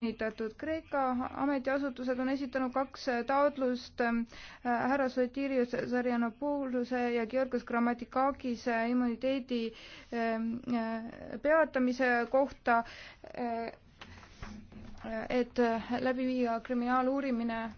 kinnitatud. Kreeka ametiasutused on esitanud kaks taotlust äh, härra Sotirius Sarjanopouluse ja Georgios Grammatikakise immuniteedi ähm, äh, peatamise kohta, äh, et läbi viia kriminaaluurimine